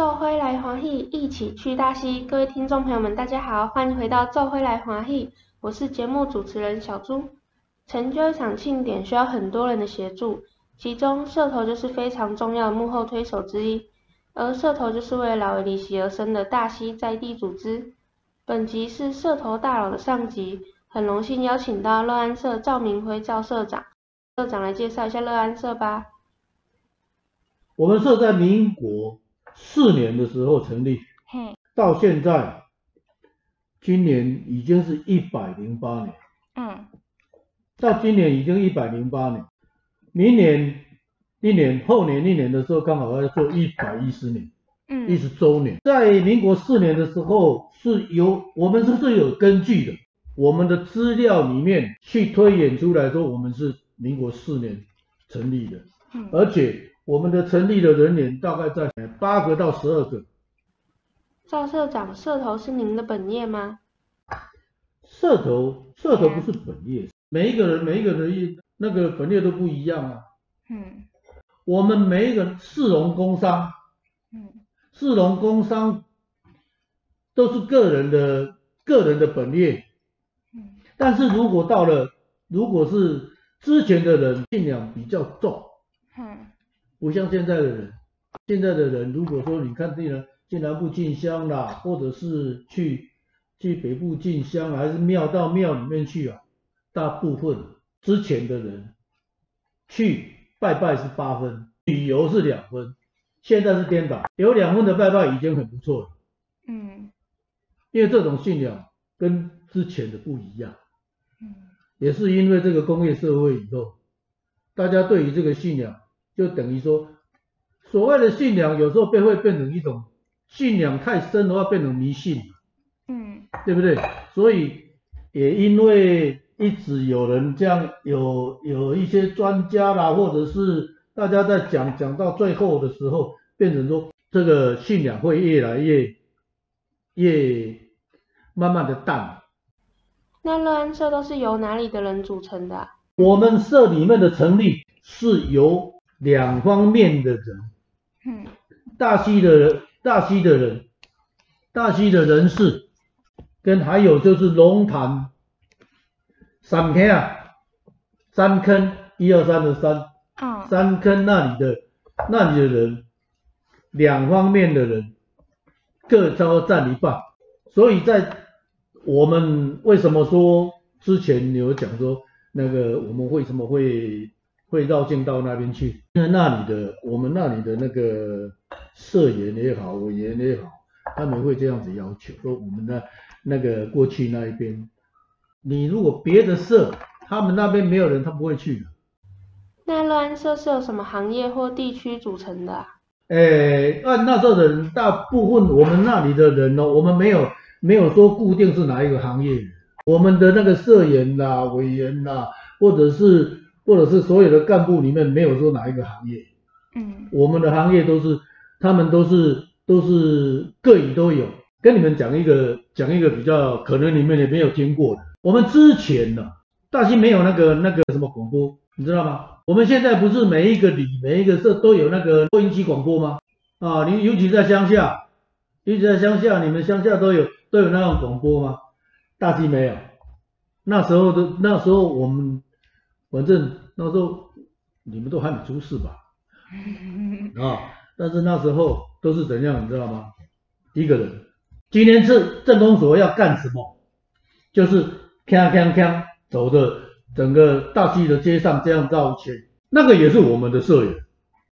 趙輝來華裔，一起去大溪。各位聽眾朋友們，大家好，歡迎回到趙輝來華裔。我是節目主持人小朱。成就一場慶典需要很多人的協助，其中社頭就是非常重要的幕後推手之一。而社頭就是為了六月廿四而生的大溪在地組織。本集是社頭大佬的上集，很榮幸邀請到樂安社趙明輝趙社長，社長來介紹一下樂安社吧。我們社在民國。四年的時候成立，到現在，今年已經是一百零八年。嗯，到今年已經一百零八年，明年一年後年一年的時候，剛好要做一百一十年，嗯，一十週年。在民國四年的時候，是由我們是最有根據的，我們的資料裡面去推演出來說，我們是民國四年成立的，而且。我們的成立的人員大概在八個到十二個。趙社長，社頭是您的本業嗎？社頭，社頭不是本業，嗯、每一個人、每一個人業那個本業都不一樣啊。嗯。我們每一個士農工商，嗯，士農工商都是個人的個人的本業。嗯。但是如果到了，如果是之前的人信仰比較重，嗯。不像現在的人，現在的人如果說你看，竟然竟然南部進香啦，或者是去去北部進香，還是廟到廟裡面去啊？大部分之前的人去拜拜是八分，旅遊是兩分，現在是顛倒，有兩分的拜拜已經很不錯了。嗯，因為這種信仰跟之前的不一樣。嗯，也是因為這個工業社會以後，大家對於這個信仰。就等於說，所謂的信仰有時候便會變成一種信仰太深的話，變成迷信，嗯，對不對？所以也因為一直有人這樣有，有有一些專家啦，或者是大家在講講到最後的時候，變成說這個信仰會越來越越慢慢的淡。那樂安社都是由哪裡的人組成的啊？我們社裡面的成立是由。兩方面的人，嗯，大溪的大溪的人，大溪的人士，跟還有就是龍潭，三坑啊，三坑，一二三的三，三坑那裡的，那裡的人，兩方面的人，各招佔一半，所以在我們為什麼說之前有講說那個我們為什麼會？會繞境到那邊去，那那裡的我們那裡的那個社員也好，委員也好，他們會這樣子要求，說我們的那,那個過去那一邊，你如果別的社，他們那邊沒有人，他不會去。那樂安社是由什麼行業或地區組成的、啊？誒，那時候的人大部分，我們那裡的人呢，我們沒有沒有說固定是哪一個行業，我們的那個社員啦、啊、委員啦、啊，或者是。或者是所有的幹部裡面沒有說哪一個行業，嗯，我們的行業都是，他們都是都是各里都有。跟你們講一個講一個比較可能你們也沒有聽過的，我們之前呢、啊，大溪沒有那個那個什麼廣播，你知道嗎？我們現在不是每一個里每一個社都有那個擴音機廣播嗎？啊，你尤其在鄉下，尤其在鄉下，你們鄉下都有都有那種廣播嗎？大溪沒有，那時候的那時候我們。反正那時候你們都還沒出世吧？ 啊！但是那時候都是怎樣，你知道嗎？一個人。今天是鎮公所要幹什麼？就是鏘鏘鏘，走着整個大溪的街上這樣繞一圈。那個也是我們的社員，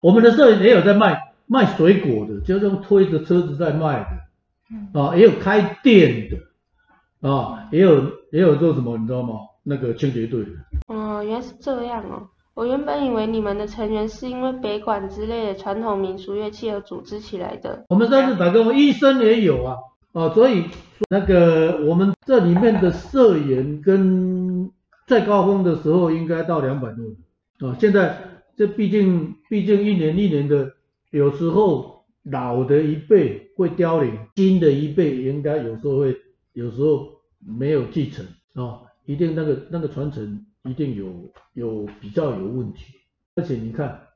我們的社員也有在賣賣水果的，就是推着車子在賣的。啊，也有開店的，啊，也有也有做什麼，你知道嗎？那個清潔隊的。哦，原來是這樣哦。我原本以為你們的成員是因為北管之類的傳統民俗樂器而組織起來的。嗯、我們這個北管，醫生也有啊。啊、哦，所以那個我們這裡面的社員，跟在高峰的時候應該到兩百多人。啊、哦，現在這畢竟畢竟一年一年的，有時候老的一輩會凋零，新的一輩應該有時候會有時候沒有繼承啊、哦，一定那個那個傳承。一定有有比較有問題，而且你看，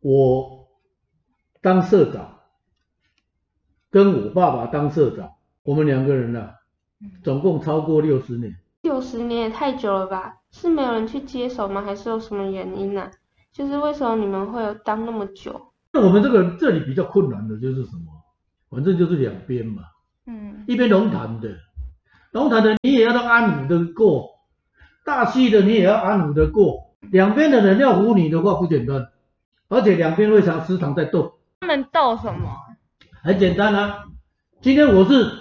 我當社長，跟我爸爸當社長，我們兩個人啊，總共超過六十年。六十年也太久了吧？是沒有人去接手嗎？還是有什麼原因呢、啊？就是為什麼你們會有當那麼久？那我們這個人這裡比較困難的就是什麼？反正就是兩邊嘛，嗯，一邊龍潭的，龍潭的你也要到安寧的過。大溪的你也要安撫得過，兩邊的人要服你的話不簡單，而且兩邊為啥時常在鬥？他們鬥什麼？很簡單啊，今天我是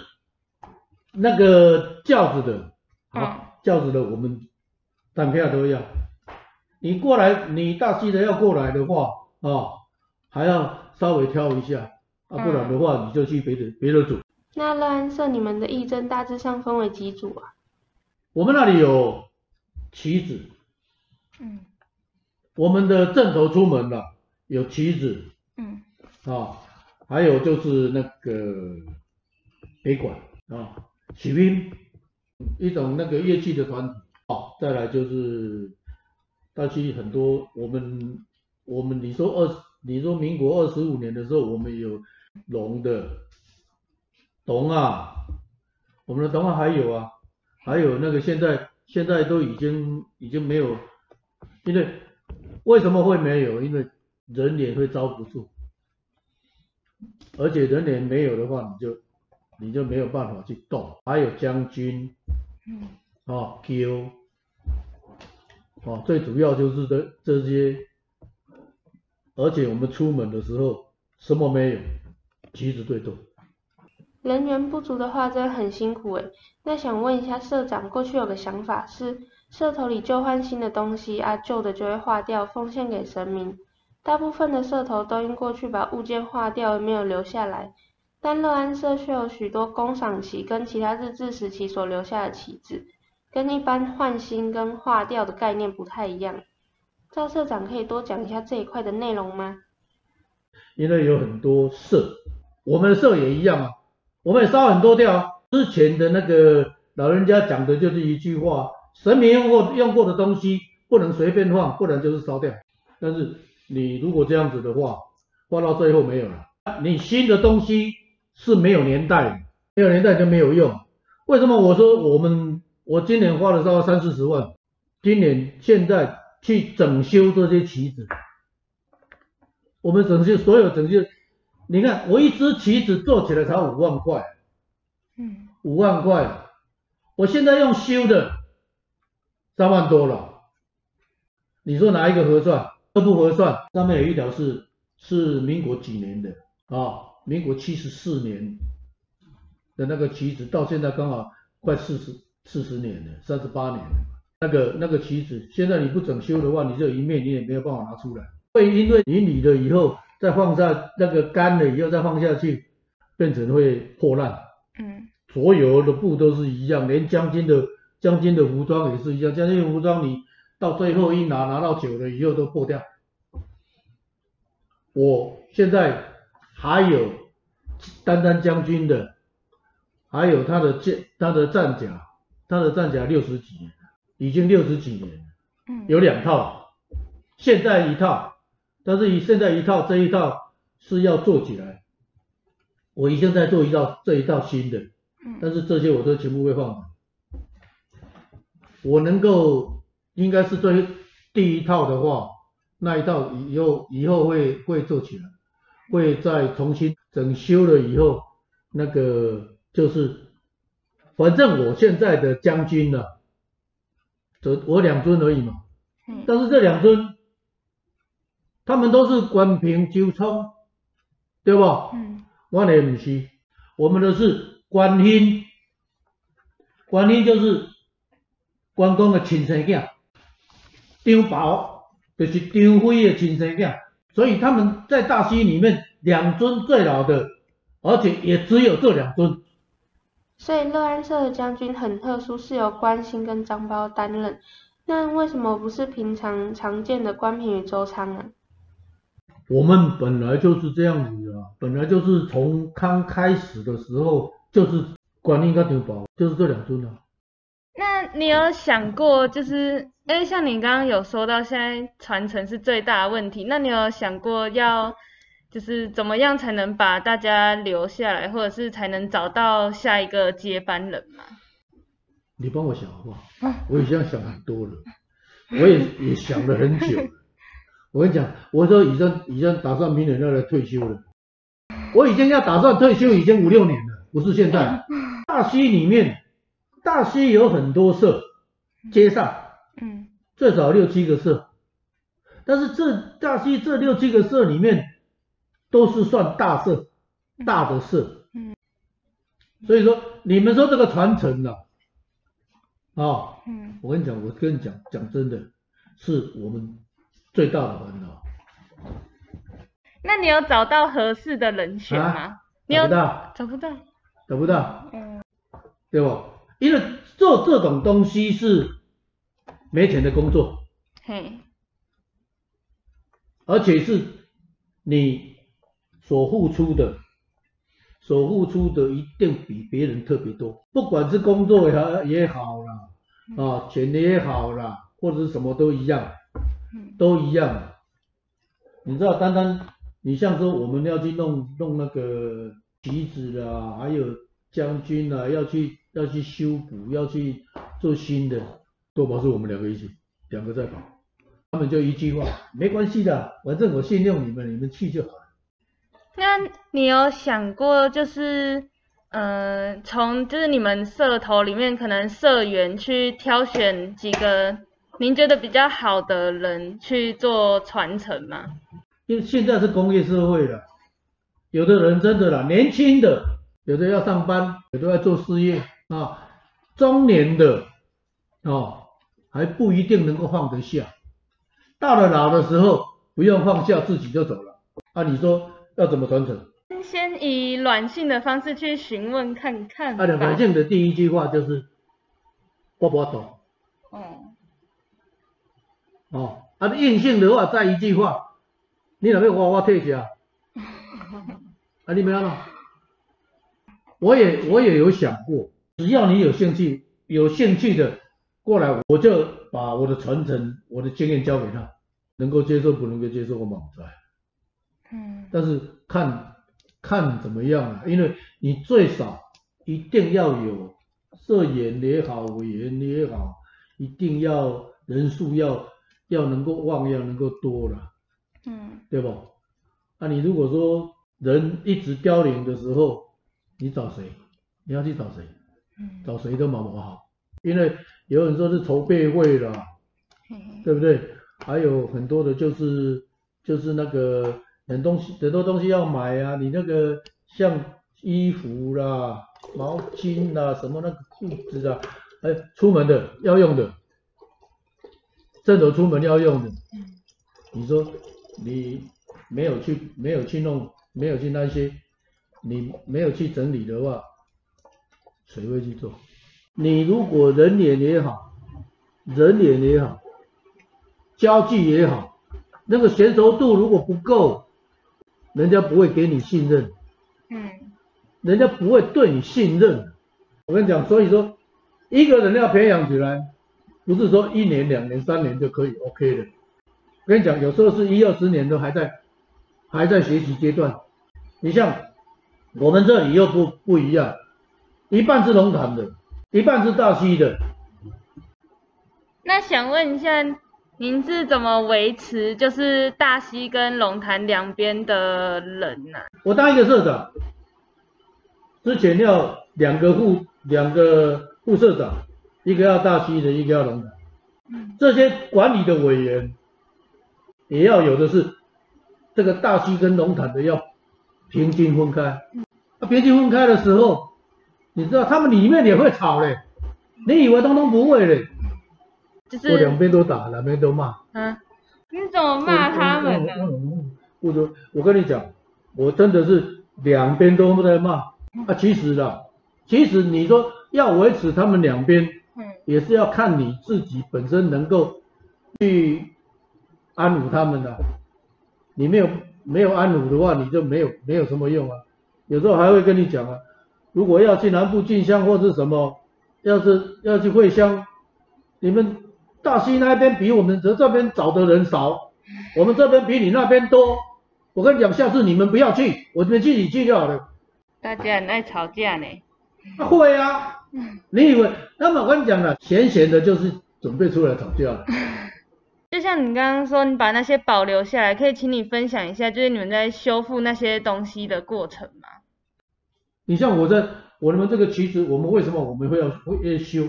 那個轎子的，好，嗯、轎子的我們單票都要，你過來，你大溪的要過來的話啊、哦，還要稍微挑一下、嗯、啊，不然的話你就去別的別的組。那樂安社你們的藝陣大致上分為幾組啊？我們那裡有。旗子，嗯，我們的社頭出門了，有旗子，嗯，啊，還有就是那個北管啊、哦，起兵一種那個樂器的團體啊，再來就是，大概很多我們我們你說二你說民國二十五年的時候，我們有龍的，龍啊，我們的銅號、啊、還有啊，還有那個現在。現在都已經已經沒有，因為為什麼會沒有？因為人臉會招不住，而且人臉沒有的話，你就你就沒有辦法去動。還有將軍，嗯、啊，Q，啊，最主要就是這這些，而且我們出門的時候什麼沒有，轎子最多。人員不足的話，真的很辛苦誒，那想問一下社長，過去有個想法是，社頭裡舊換新的東西啊，舊的就會化掉，奉獻給神明。大部分的社頭都因過去把物件化掉而沒有留下來，但樂安社卻有許多公賞旗跟其他日治時期所留下的旗幟，跟一般換新跟化掉的概念不太一樣。趙社長可以多講一下這一塊的內容嗎？因為有很多社，我們社也一樣啊。我們也燒很多掉。之前的那個老人家講的就是一句話：神明用過用過的東西不能隨便換，不然就是燒掉。但是你如果這樣子的話，花到最後沒有了，你新的東西是沒有年代的，沒有年代就沒有用。為什麼我說我們我今年花了三四十萬，今年現在去整修這些旗子，我們整修，所有整修。你看，我一支旗子做起來才五萬塊，嗯，五萬塊，我現在用修的三萬多了，你說哪一個合算？都不合算。上面有一條是是民國幾年的啊？民國七十四年的那個旗子，到現在剛好快四十四十年了，三十八年了。那個那個旗子，現在你不整修的話，你這一面你也沒有辦法拿出來，會因為你理了以後。再放下那個乾了以後再放下去，變成會破爛。嗯。所有的布都是一樣，連將軍的將軍的服裝也是一樣。將軍的服裝你到最後一拿、嗯、拿到久了以後都破掉。我現在還有單單將軍的，還有他的劍、他的戰甲，他的戰甲六十幾年，已經六十幾年，有兩套，現在一套。但是以現在一套這一套是要做起來，我已經在做一套這一套新的，但是這些我都全部會放的。我能夠應該是最第一套的話，那一套以後以後會會做起來，會再重新整修了以後，那個就是反正我現在的將軍了、啊，只我兩尊而已嘛，但是這兩尊。他們都是關平、周倉，對不？嗯。我哋唔是，我們的是關興。關興就是關公嘅親生仔，張苞就是張飛嘅親生仔。所以他們在大溪裡面兩尊最老的，而且也只有這兩尊。所以樂安社嘅將軍很特殊，是由關興跟張苞擔任。那為什麼不是平常常見的關平與周倉呢、啊？我們本來就是這樣子的、啊，本來就是從剛開始的時候就是理念個想包就是這兩尊的、啊。那你有想過，就是，哎，像你剛剛有說到，現在傳承是最大的問題，那你有想過要，就是怎麼樣才能把大家留下來，或者是才能找到下一個接班人嗎？你幫我想好不好？我已經想很多了，我也也想了很久。 我跟你講，我說已經已經打算明年要來退休了。我以前要打算退休已經五六年了，不是現在。大溪裡面，大溪有很多社，街上，嗯，最少六七個社，但是這大溪這六七個社裡面，都是算大社，大的社，嗯。所以說，你們說這個傳承啊。啊、哦，我跟你講，我跟你講，講真的是我們。最大的煩惱。那你有找到合適的人選嗎？啊、找不到有。找不到。找不到。嗯。對吧？因為做這種東西是沒錢的工作。嘿。而且是你所付出的，所付出的一定比別人特別多，不管是工作也也好啦，啊，錢也好啦，或者是什麼都一樣。都一樣、啊，你知道，單單你像說我們要去弄弄那個旗子啊，還有將軍啊，要去要去修補，要去做新的，都保是我們兩個一起，兩個在跑，他們就一句話，沒關係的，反正我信任你們，你們去就好。那你有想過，就是，呃，從就是你們社頭裡面，可能社員去挑選幾個？您覺得比較好的人去做傳承嗎？因為現在是工業社會了，有的人真的啦，年輕的有的要上班，有的要做事業啊，中年的哦、啊，還不一定能夠放得下，到了老的時候不用放下自己就走了，啊，你說要怎麼傳承？先以軟性的方式去詢問看看。啊，軟性的第一句話就是，不不懂。嗯。哦。哦，的、啊、硬性的話再一句話，你若要花花退去啊， 啊，你沒安怎？我也我也有想過，只要你有興趣，有興趣的過來，我就把我的傳承、我的經驗交給他，能夠接受不能夠接受我莽出來，嗯，但是看看怎麼樣啊，因為你最少一定要有社員也好，委員也好，一定要人數要。要能夠旺，要能夠多啦，嗯對吧，對不？那你如果說人一直凋零的時候，你找誰？你要去找誰？找誰都忙不好，因為有人說是籌備會啦。嗯，對不對？還有很多的就是就是那個很多東西，很多東西要買啊，你那個像衣服啦、毛巾啦、什麼那個褲子啊，哎，出門的要用的。正走出門要用的，你說你沒有去沒有去弄沒有去那些，你沒有去整理的話，誰會去做？你如果人臉也好，人臉也好，交際也好，那個嫻熟度如果不夠，人家不會給你信任，嗯，人家不會對你信任。我跟你講，所以說一個人要培養起來。不是說一年、兩年、三年就可以 OK 的。我跟你講，有時候是一二十年都還在，還在學習階段。你像我們這裡又不不一樣，一半是龍潭的，一半是大溪的。那想問一下，您是怎麼維持就是大溪跟龍潭兩邊的人呢、啊？我當一個社長，之前要兩個副兩個副社長。一個要大溪的，一個要龍潭，這些管理的委員也要有的是，這個大溪跟龍潭的要平均分開。那、啊、平均分開的時候，你知道他們裡面也會吵嘞。你以為通通不會嘞？我兩邊都打，兩邊都罵。啊，你怎麼罵他們呢？我跟你講，我真的是兩邊都不在罵。啊，其實啦，其實你說要維持他們兩邊。也是要看你自己本身能夠去安撫他們的、啊，你沒有沒有安撫的話，你就沒有沒有什麼用啊。有時候還會跟你講啊，如果要去南部進香或是什麼，要是要去會香，你們大溪那邊比我們這這邊找的人少，我們這邊比你那邊多。我跟你講，下次你們不要去，我們自己去就好了。大家很愛吵架呢？會啊。 你以為？那麼我跟你講了，閒閒的就是準備出來吵架。 就像你剛剛說，你把那些保留下來，可以請你分享一下，就是你們在修復那些東西的過程嗎？你像我在我們這個旗子，我們為什麼我們會要會修？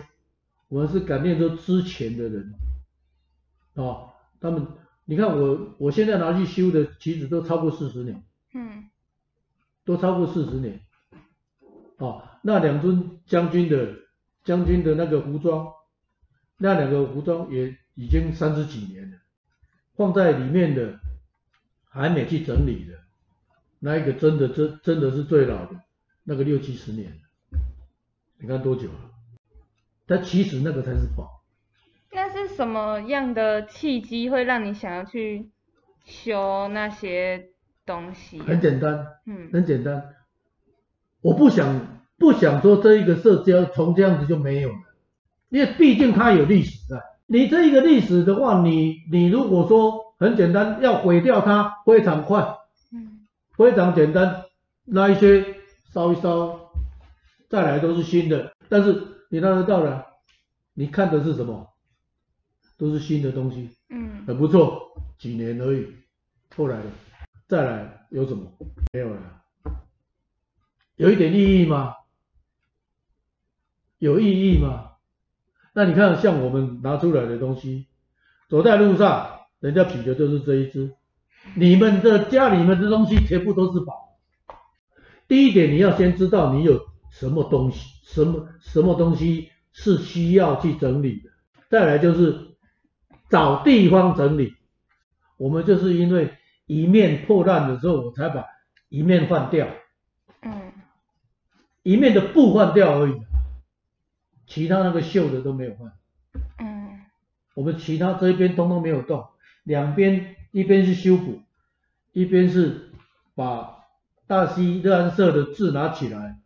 我們是改變都之前的人啊、哦，他們，你看我我現在拿去修的旗子都超過四十年，嗯，都超過四十年啊。哦那兩尊將軍的將軍的那個服裝，那兩個服裝也已經三十幾年了，放在裡面的還沒去整理的，那一個真的真真的是最老的，那個六七十年，你看多久了？但其實那個才是寶。那是什麼樣的契機，會讓你想要去修那些東西？很簡單，嗯，很簡單，嗯，我不想。不想說這一個社頭從這樣子就沒有了，因為畢竟它有歷史啊。你這一個歷史的話，你你如果說很簡單要毀掉它，非常快，嗯，非常簡單，那一些燒一燒，再來都是新的。但是你那個到了，你看的是什麼？都是新的東西，嗯，很不錯，幾年而已。後來的再來了有什麼？沒有了，有一點意義嗎？有意義嗎？那你看，像我們拿出來的東西，走在路上，人家比的就是這一隻。你們的家裡面的東西，全部都是寶。第一點，你要先知道你有什麼東西，什麼什麼東西是需要去整理的。再來就是找地方整理。我們就是因為一面破爛的時候，我才把一面換掉。嗯，一面的布換掉而已。其他那個繡的都沒有換，嗯，我們其他這一邊通通沒有動，兩邊一邊是修補，一邊是把大溪樂安社的字拿起來，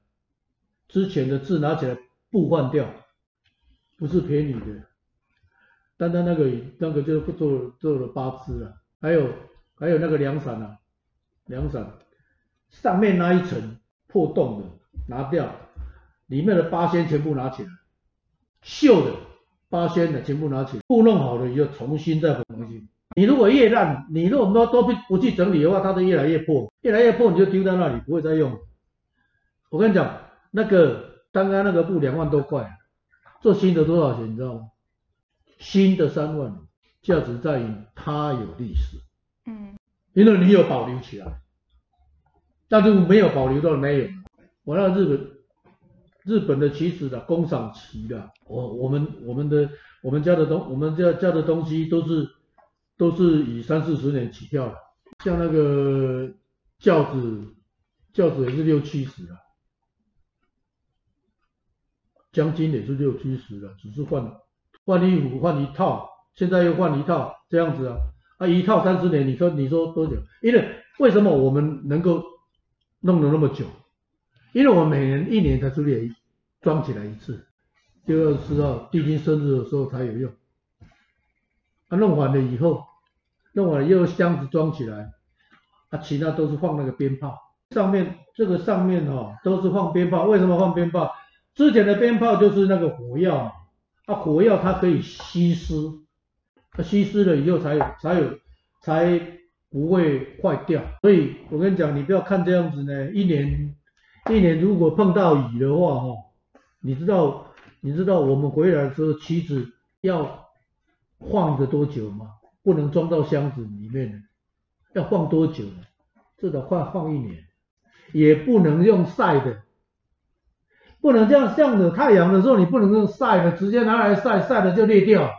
之前的字拿起來不換掉，不是賠你的，單單那個那個就做做了八支了，還有還有那個涼傘吶、啊，涼傘上面那一層破洞的拿掉，裡面的八仙全部拿起來。繡的、八仙的全部拿去布弄好了，你就重新再縫回去。你如果越爛，你如果都都不去整理的話，它就越來越破，越來越破你就丟在那裡不會再用。我跟你講，那個剛剛那個布兩萬多塊，做新的多少錢？你知道嗎？新的三萬，價值在於它有歷史，嗯，因為你有保留起來，但是沒有保留到沒有，我讓日本。日本的旗子的公賞旗的，我我們我們的我們家的東我們家家的東西都是都是以三四十年起跳的，像那個轎子轎子也是六七十的、啊，將軍也是六七十的、啊，只是換換衣服換一套，現在又換一套這樣子啊，啊一套三十年你說你說多久？因為為什麼我們能夠弄了那麼久？因為我每年一年才處理，裝起來一次，就要知道帝君生日的時候才有用、啊。弄完了以後，弄完了以後箱子裝起來，啊其他都是放那個鞭炮。上面這個上面哈、哦、都是放鞭炮，為什麼放鞭炮？之前的鞭炮就是那個火藥啊火藥它可以吸濕，它、啊、吸濕了以後才有才有，才，有才不會壞掉。所以我跟你講，你不要看這樣子呢，一年。一年如果碰到雨的話哈，你知道你知道我們回來的時候旗子，要放的多久嗎？不能裝到箱子裡面了，要放多久，這得放放一年，也不能用曬的，不能這樣向着太陽的時候你不能用曬的，直接拿來曬，曬了就裂掉。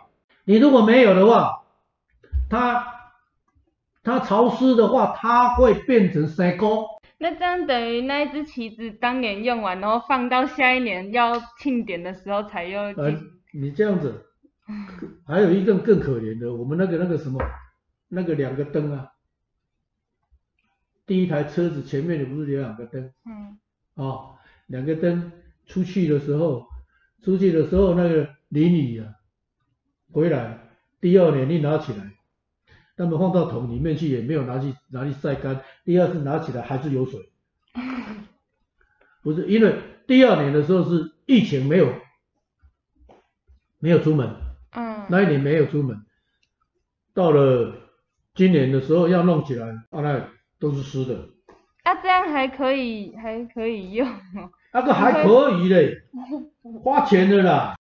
你如果沒有的話，它它潮濕的話它會變成石膏。那這樣等於那一隻旗子當年用完，然後放到下一年要慶典的時候才用啊。你這樣子。還有一個更可憐的，我們那個那個什麼，那個兩個燈啊。第一台車子前面也不是有兩個燈？嗯、哦。啊，兩個燈出去的時候，出去的時候那個淋雨啊，回來第二年你拿起來。他們放到桶裡面去，也沒有拿去拿去曬乾。第二次拿起來還是有水，不是因為第二年的時候是疫情沒有沒有出門，嗯，那一年沒有出門，到了今年的時候要弄起來，啊，那都是濕的。啊，這樣還可以還可以用。那 個、啊、還可以嘞，花錢的啦。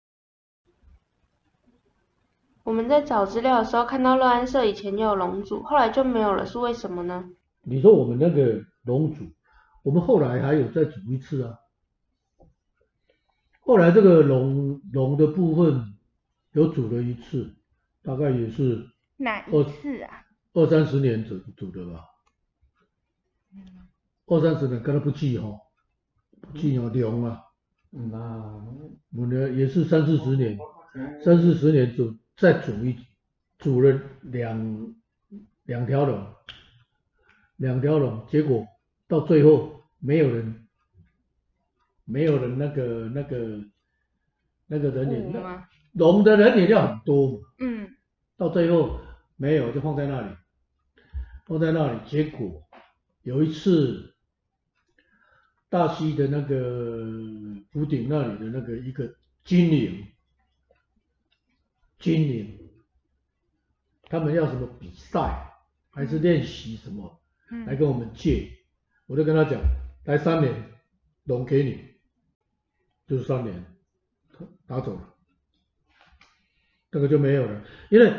我們在找資料的時候看到樂安社以前有龍組，後來就沒有了，是為什麼呢？你說我們那個龍組，我們後來還有再組一次啊？後來這個龍龍的部分有組了一次，大概也是哪一次啊？二三十年左右組的吧、嗯，二三十年，剛才不記哈、哦，不記、哦嗯、啊，長啊，嗯我呢也是三四十年，嗯、三四十年再組一，組了兩兩條龍，兩條龍，結果到最後沒有人，沒有人那個那個那個人也龍的人也很多嘛，嗯，到最後沒有就放在那裡，放在那裡，結果有一次大溪的那個古頂那裡的那個一個精靈。今年他們要什麼比賽，還是練習什麼，來跟我們借，我就跟他講，來三年，龍給你，就是三年，他拿走了，這、那個就沒有了，因為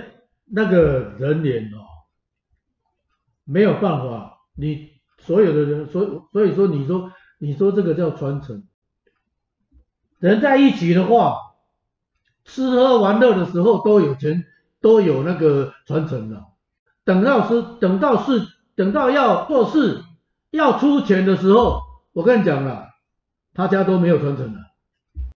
那個人臉哦，沒有辦法，你所有的人，所所以說你說你說這個叫傳承，人在一起的話。吃喝玩樂的時候都有錢，都有那個傳承的。等到是等到是等到要做事要出錢的時候，我跟你講了，他家都沒有傳承了。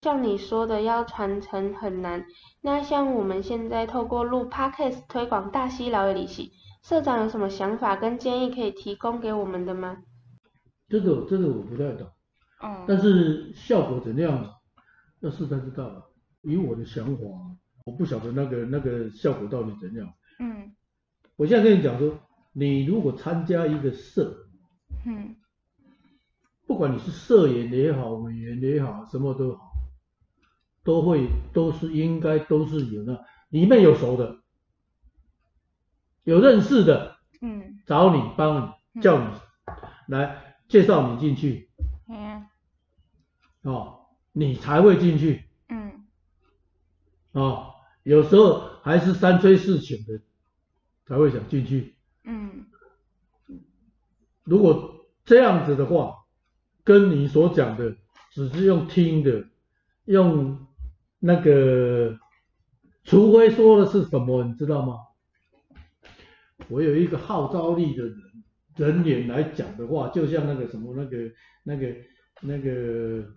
像你說的，要傳承很難。那像我們現在透過錄 Podcast 推廣大溪老味里系，社長有什麼想法跟建議可以提供給我們的嗎？這個這個我不太懂。嗯、但是效果怎樣、啊，要試才知道吧、啊。以我的想法，我不曉得那個那個效果到底怎樣。嗯，我現在跟你講說，你如果參加一個社，嗯，不管你是社員也好，委員也好，什麼都好，都會都是應該都是有那裡面有熟的，有認識的，嗯，找你幫你叫你來介紹你進去，嗯，哦，你才會進去。啊、哦，有時候還是三催四請的才會想進去。嗯，如果這樣子的話，跟你所講的只是用聽的，用那個除非說的是什麼，你知道嗎？我有一個號召力的人人臉來講的話，就像那個什麼那個那個那個。那個那個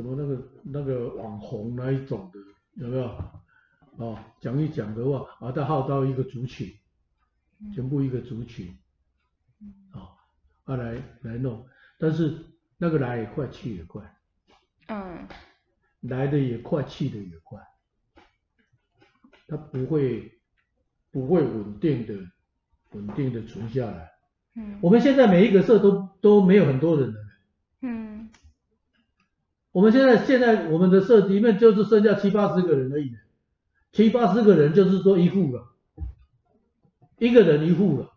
什麼那個那個網紅那一種的有沒有啊、哦？講一講的話，啊，他號召一個族群，全部一個族群，啊、哦，啊，來來弄，但是那個來也快去也快，嗯，來的也快去的也快，他不會不會穩定的穩定的存下來。嗯，我們現在每一個社都都沒有很多人了。我們現在現在我們的社裡面就是剩下七八十個人而已，七八十個人就是說一戶了，一個人一戶了，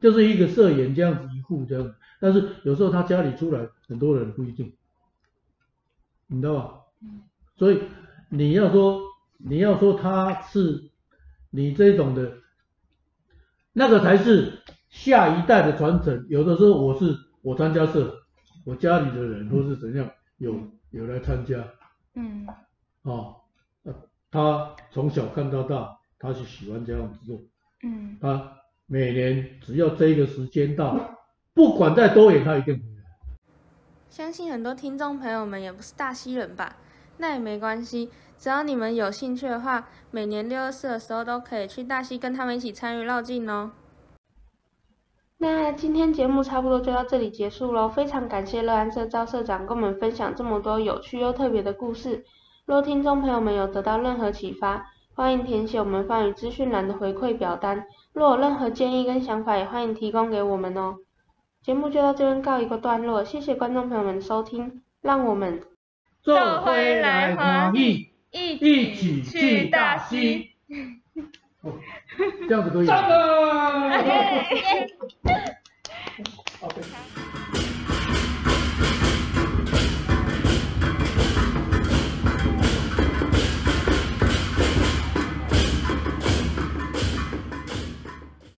就是一個社員這樣子一戶這樣子，但是有時候他家裡出來很多人不一定，你知道吧？所以你要說你要說他是你這種的，那個才是下一代的傳承。有的時候我是我參加社。我家裡的人或是怎樣有、嗯，有有來參加，嗯，啊、哦，他從小看到大，他是喜歡這樣子做，嗯，他每年只要這個時間到，不管再多遠，他一定。相信很多聽眾朋友們也不是大溪人吧？那也沒關係，只要你們有興趣的話，每年六月廿四的時候都可以去大溪跟他們一起參與繞境哦。那今天節目差不多就到這裡結束嘍，非常感謝樂安社趙社長跟我們分享這麼多有趣又特別的故事。若聽眾朋友們有得到任何啟發，歡迎填寫我們放於資訊欄的回饋表單。若有任何建議跟想法，也歡迎提供給我們哦。節目就到這邊告一個段落，謝謝觀眾朋友們的收聽，讓我們做灰來和一一起去大溪。哦，這樣子都有。